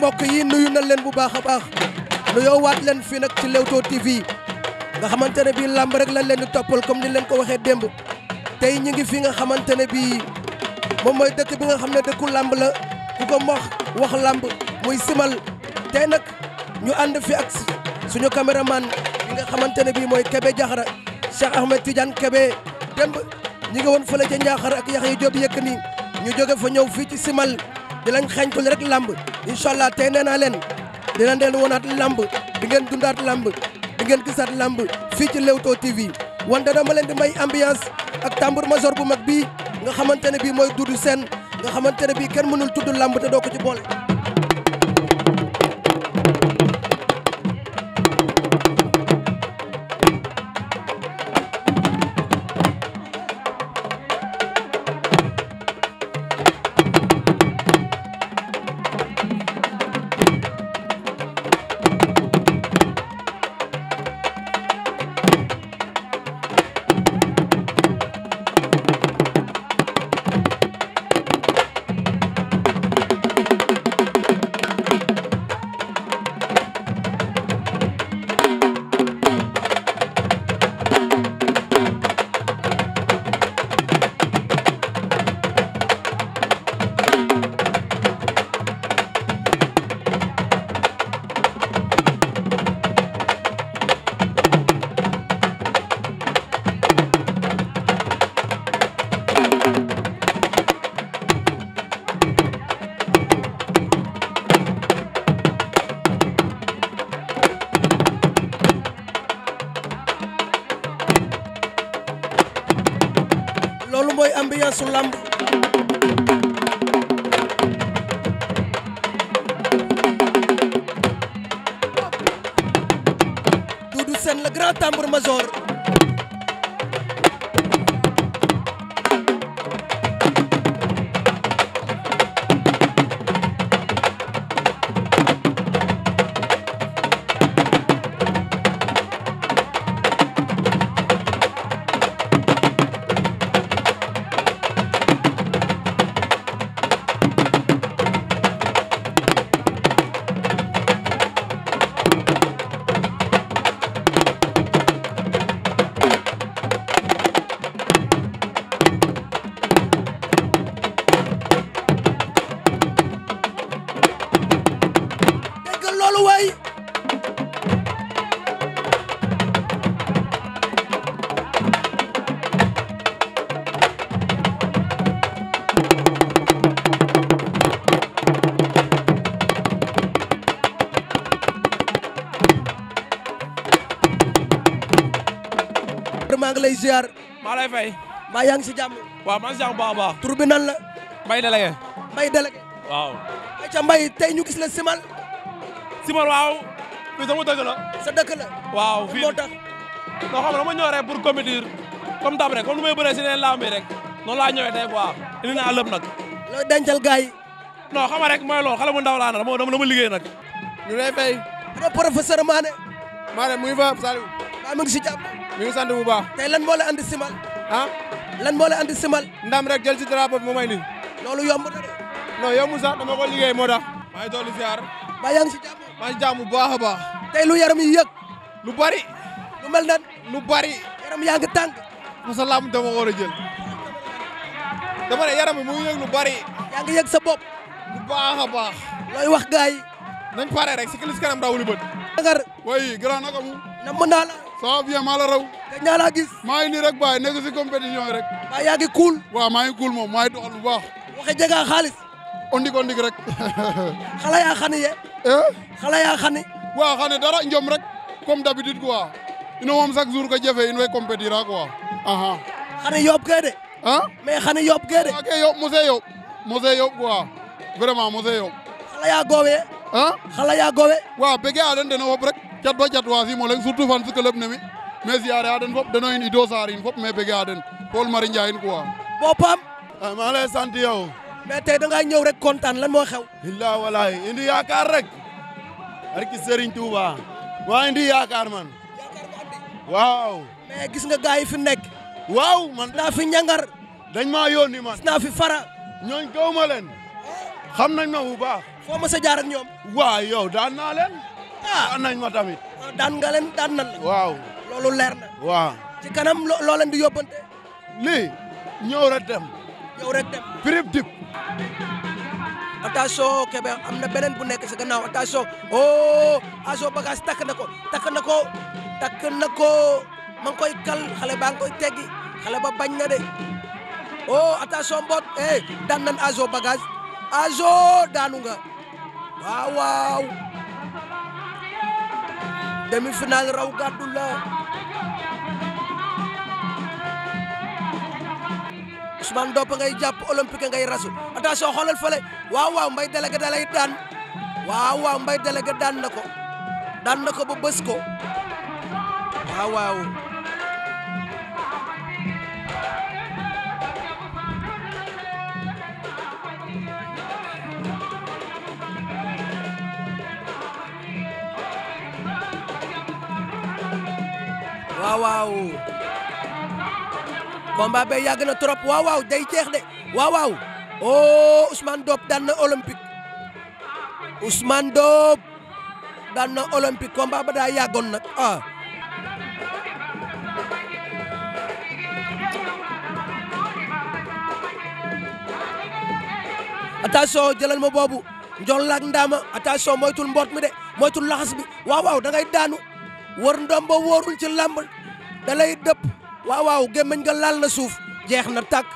mbokk yi nuyu na leen bu baax a baax nuyoo waat leen fii nag ci Leewtoo TV nga xamante ne bii làmb rek lañ leen di toppal comme ni leen ko waxee démb tey ñu ngi fi nga xamante ne bii moom mooy dëkk bi nga xam ne dëkku làmb la ku ko mox wax làmb muy simal tey nag ñu ànd fi ak suñu caméraman bi nga xamante ne bii mooy Kébé Diakhara Cheikh Ahmed Tidiane kebe démb ñi ngi woon fële ca Ndiakhar ak Yaxya Diop ni ñu jóge fa ñëw fii ci simal dinañ lañ xeeñtul rek làmb incha allah tey nee naa leen dinañ leen wonaat lamb di ngeen dundaat lamb di ngeen gisaat lamb fii ci Leewtoo TV wante dama leen di may ambiance ak tambour major bu mag bii nga xamante ne bii mooy Doudou seen nga xamante bi bii kenn mënul tudd làmb te doo ko ci boole. su lamb Doudou Sène le grand tambour major maa ngi lay ziar. maa lay fay. maa yaa ngi si jàmm. waaw maa ngi si jàmm baax a baax. nan la. Mbaye Délégué. Mbaye Délégué. waaw. ayca Mbaye tey ñu gis la Simal. Simal waaw. fii sama dëkk la. sa dëkk la. waaw fii moo tax. non xam nga dama ñëw rek pour compétir comme dab rek comme lu may bëree si neen lamb yi laa ñëwee tey quoi indi naa lëb nag. looy dencal gars yi. non xam mooy loolu xale mu ndaw laa na dama dama liggéey nag. ñu lay fay. ana professeur Mané. Mané mu ngi fa Saliou. maa ñu sant bu baax. tey lan moo la andi simal. ah lan moo la andi simal. ndam rek jël ci drapeau bi mu may nii. loolu yomb na de. non yomb sax dama ko liggéey moo tax. maa ngi dolli ziar. maa yaa ngi si jàmm. maa ngi a baax. tey lu yaram yi yëg. lu bari. lu mel nan lu bari. yaram yaa ngi tàng. masa lam dama war a jël. dama ne yaram bi mu ngi yëg lu bari. yaa yëg sa bopp. lu baax a baax. wax gars yi. pare rek si kilis kanam rawuli bët. dangar. oui gërëm na ko mu. na mën naa la. ça va bien maa la raw. gëj naa laa gis. maa ngi rek baay nekk si compétition yi rek. waaw yaa ngi cool. waaw maa ngi cool moom maa ngi doxal bu baax. waxe jega xaalis. ondik ondik rek. xale yaa ye. Eh? xale yaa xani. waaw xane dara njom rek comme d'habitude quoi. ino moom chaque jour ka jafe in way compétir quoi. aha xane yóbbu kee de. ah mais xane yóbbu kee de. waaw kay yóbbu mosee yóbbu. mosee yóbbu quoi vraiment mosee yóbbu. xale ah xale yaa goowee. waaw bëggee a den fop rek. ƴat ba ƴat waasiimo leŋ surtout fan si club ne mi mais siyaare a fop deno in ido fop mais bege a den Paul Marie Ndiaye in quoi bo Pam ah, maa lay sant yow mais tey da ngaa rek kontaan lan moo xew illaa walaay indi yaakaar rek barki Serigne Touba waa indi yaakaar man waaw mais gis nga gaay yi fi nekk waaw man naa fi ñangar dañ maa yónni man naa fi fara ñooñ gawma leen eh? xam nañ ma bu foo ma sa jaar ñoom waaw yow daan naa leen a ah. daan nañ ma tamit. daan nga leen daan waaw loolu leer na. waaw kanam loo di yóbbante. lii ñëw rek dem. ñëw dem. prip dip. attention Kébé am na beneen bu nekk si gannaaw attention oh aso bagage takk na ko takk na ko takk na koy kal xale baa ngi koy teggi xale ba bañ na de oh attention mboot eh daan nan aso bagage aso daanu nga waaw. demi-finale raw gàddu la Ousmane Dopp ngay jàpp olympique ngay rasu attention xoolal fële waaw mbay délégué da lay daan waaw waaw mbay délégué daan na ko daan na ko ba bës ko waaw waaw combat bi yàgg na trop waaw waaw day jeex de waaw waaw oh Ousmane Doop daan na olympique Ousmane Doop daan na olympique combat ba daa yàggoon ah. ma boobu njool laak ndaama attention moytul mboot mi de moytul laxas bi waaw waaw daanu. war ndomba wóorul ci làmb dalay lay dëpp waaw waaw gémmiñ nga laal na suuf jeex na tàkk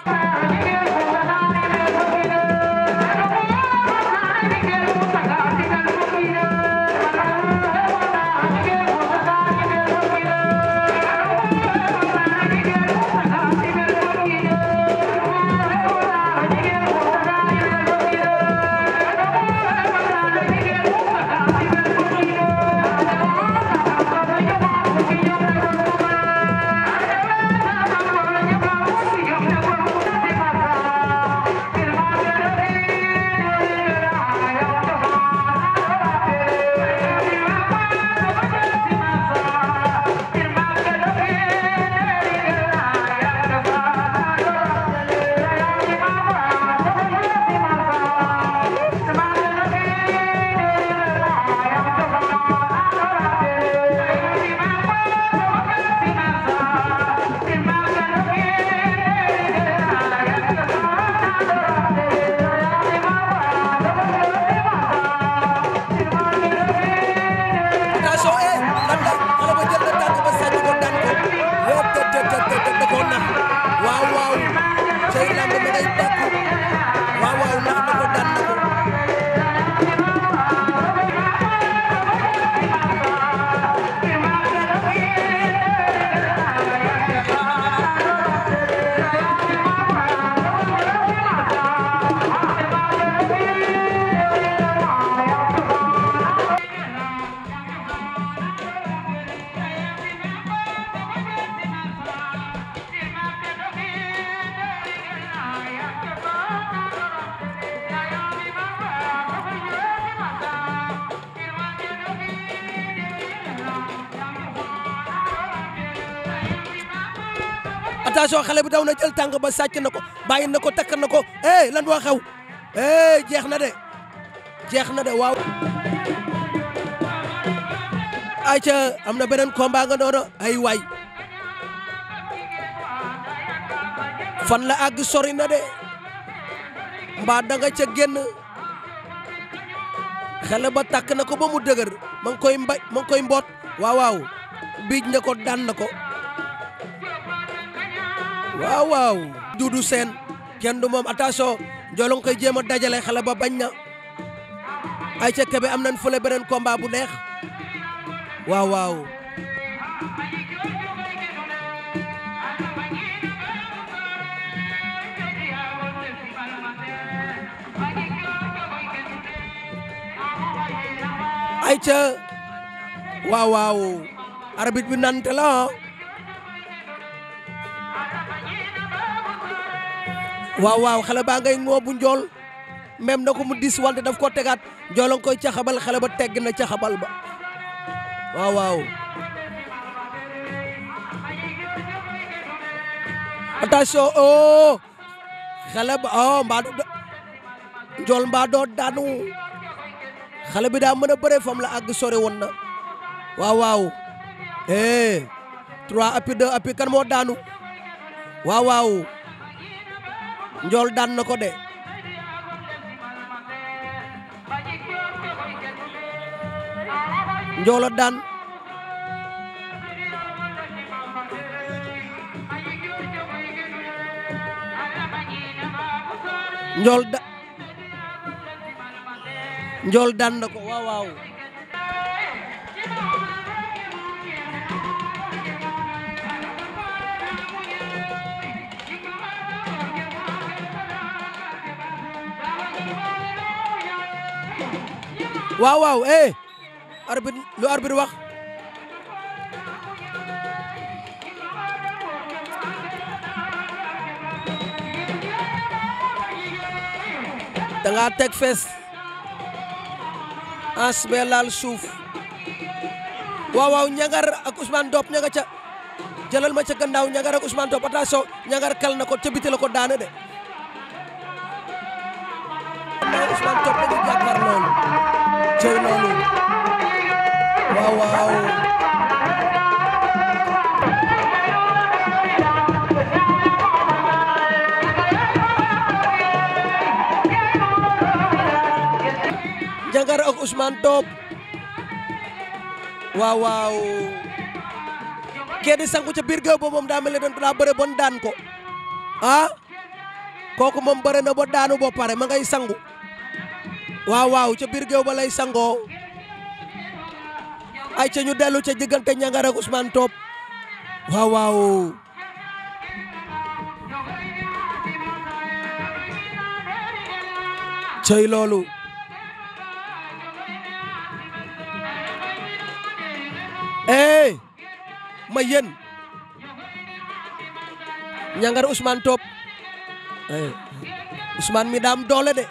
attention xale bi daw na jël tàng ba sàcc na ko bàyyi na ko takk na ko eh lan moo xew eh jeex na de jeex na de waaw. ayca am na beneen combat nga noonu ay waay fan la àgg sori na de mbaa danga ca genn xale ba takk na ko ba mu dëgër ma koy mbaj ma koy mboot waaw waaw biij na ko daan na ko. waaw waaw duudu seen kenn du moom attention njolong koy dajale xale ba bañ na ay ca kebe am nañ fële beneen combat bu neex ay ca waaw waaw arbitre bi nante la ah. waaw waaw xale baa ngay ŋoobu njool même na ko mu dis wante daf koo tegaat njoola nga koy caxabal xale ba tegg na caxabal ba waaw waaw attention oh xale ba oh mbaa do njool mbaa doo daanu xale bi daa mën a bëre fam la àgg sore woon na waaw waaw eh trois appuis deux appuis kan moo daanu waaw waaw njool daan na ko de njoolo daan njool da njool daan na ko waaw waaw waaw waaw eh arbitre lu arbitre wax da nga teg fees Ass Bé laal suuf waaw waaw ñangar ak Ousmane Dop ña nga ca jëlal ma ca gannaaw ñangar ak Ousmane Dop attention ñangar kal na ko ca biti la ko daana de Ousmane Dop waaw Jangara ak Ousmane Top waaw waaw kee di sangu ca biir géew moom daa mel ne dañ daa bëre bon daan ko ah kooku moom bëre na ba daanu ba pare ma ngay sangu waaw waaw ca biir géew ba lay sangoo ay ca ñu dellu ca diggante Niangara ak Top waaw cey loolu eh ma yéen Niangara Ousmane Top eh mi daam doole de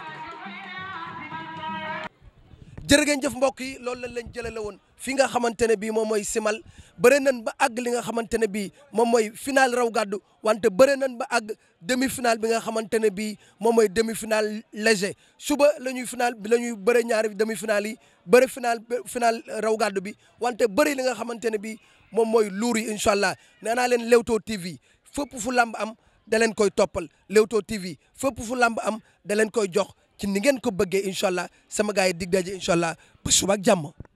jërë ngeen jëf mbokk yi loolu lañ leen jëlale woon fi nga xamante ne bii moom mooy simal bëre nañ ba àgg li nga xamante ne bii moom mooy final raw gàddu wante bëre nañ ba àgg demi final bi nga xamante ne bii moom mooy demi final léger suba la ñuy final la ñuy bëre ñaari demi final yi bëre final final raw gàddu bi wante bëri li nga xamante ne bii moom mooy luur yi incha allah nee naa leen Leewtoo TV fépp fu lamb am da leen koy toppal Leewtoo TV fépp fu lamb am da leen koy jox. ci ni ngeen ko bëggee incha allah sama gars yi dig daje incha allah ba suba ak jàmm.